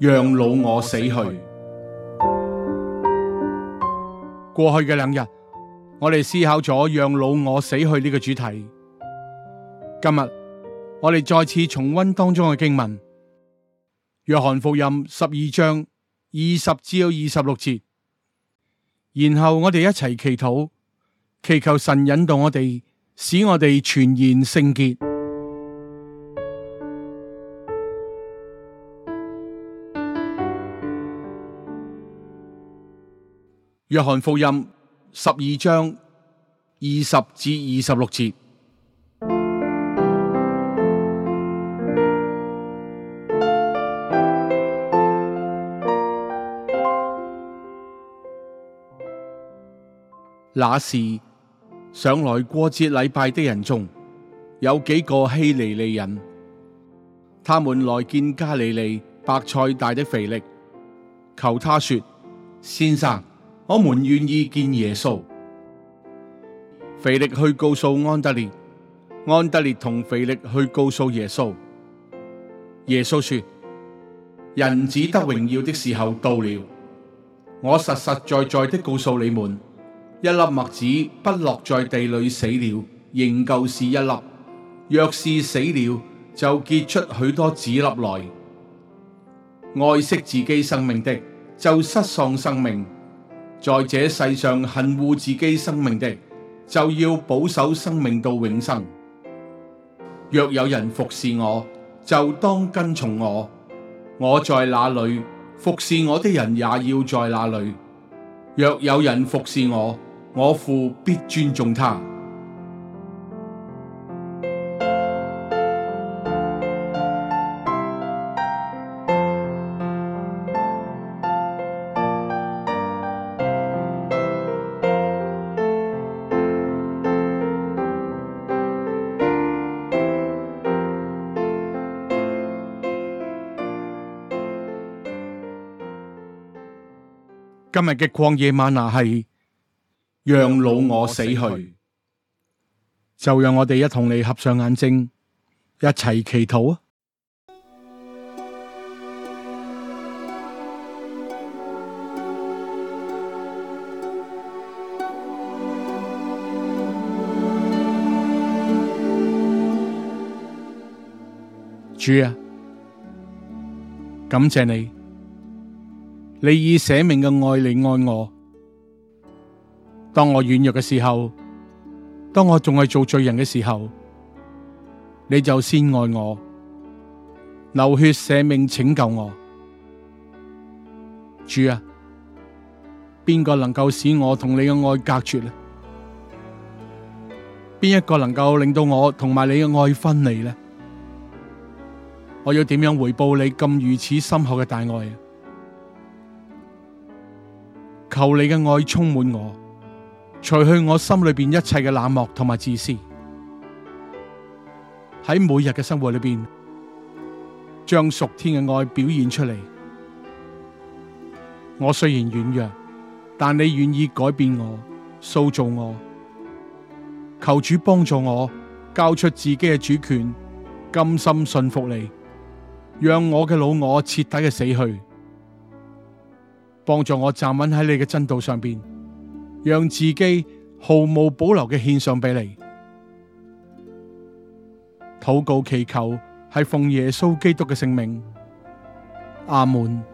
讓老我死去。過去嘅兩日，我哋思考咗讓老我死去呢個主題。今日我哋再次重溫當中嘅經文，約翰福音十二章二十至二十六節。然後我哋一齊祈禱，祈求神引動我哋，使我哋全然聖潔。約翰福音十二章二十至二十六節。節 那時上來過節禮拜的人中有幾個希利尼人，他們來見加利利伯賽大的腓力，求他說：先生。我們願意見耶穌，腓力去告訴安德烈，安德烈同腓力去告訴耶穌。耶穌說：人子得榮耀的時候到了。我實實在在的告訴你們，一粒麥子不落在地裏死了，仍舊是一粒；若是死了，就結出許多子粒來。愛惜自己生命的，就失喪生命。在這世上恨惡自己生命的，就要保守生命到永生。若有人服侍我，就當跟從我。我在哪裏，服侍我的人也要在哪裏。若有人服侍我，我父必尊重他。今日嘅曠野嗎哪，係讓老我死去，就讓我哋一同你合上眼睛，一齊祈禱啊！主啊，感謝你。你以捨命嘅愛嚟愛我，當我軟弱嘅時候，當我仲係做罪人嘅時候，你就先愛我，流血捨命拯救我。主啊，邊個能夠使我同你嘅愛隔絕呢？邊一個能夠令到我同埋你嘅愛分離呢？我要點樣回報你咁如此深厚嘅大愛啊？求你嘅愛充滿我，除去我心裏邊一切嘅冷漠同埋自私，喺每日嘅生活裏邊，將屬天嘅愛表現出嚟。我雖然軟弱，但你願意改變我、塑造我。求主幫助我，交出自己嘅主權，甘心信服你，讓我嘅老我徹底嘅死去。幫助我站穩喺你嘅真道上邊，讓自己毫無保留嘅獻上俾你。禱告祈求係奉耶穌基督嘅聖名，阿門。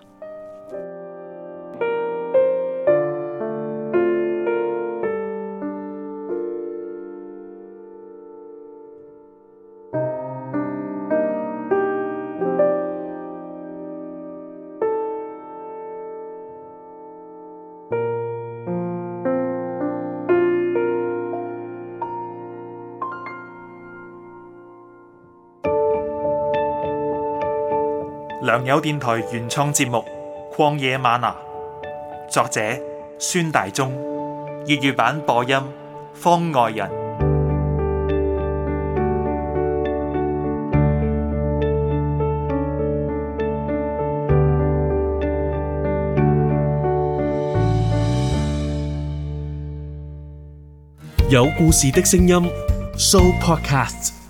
良友電台原創節目《曠野嗎哪》，作者孫大中，粵語版播音方外人，有故事的聲音，Show Podcasts。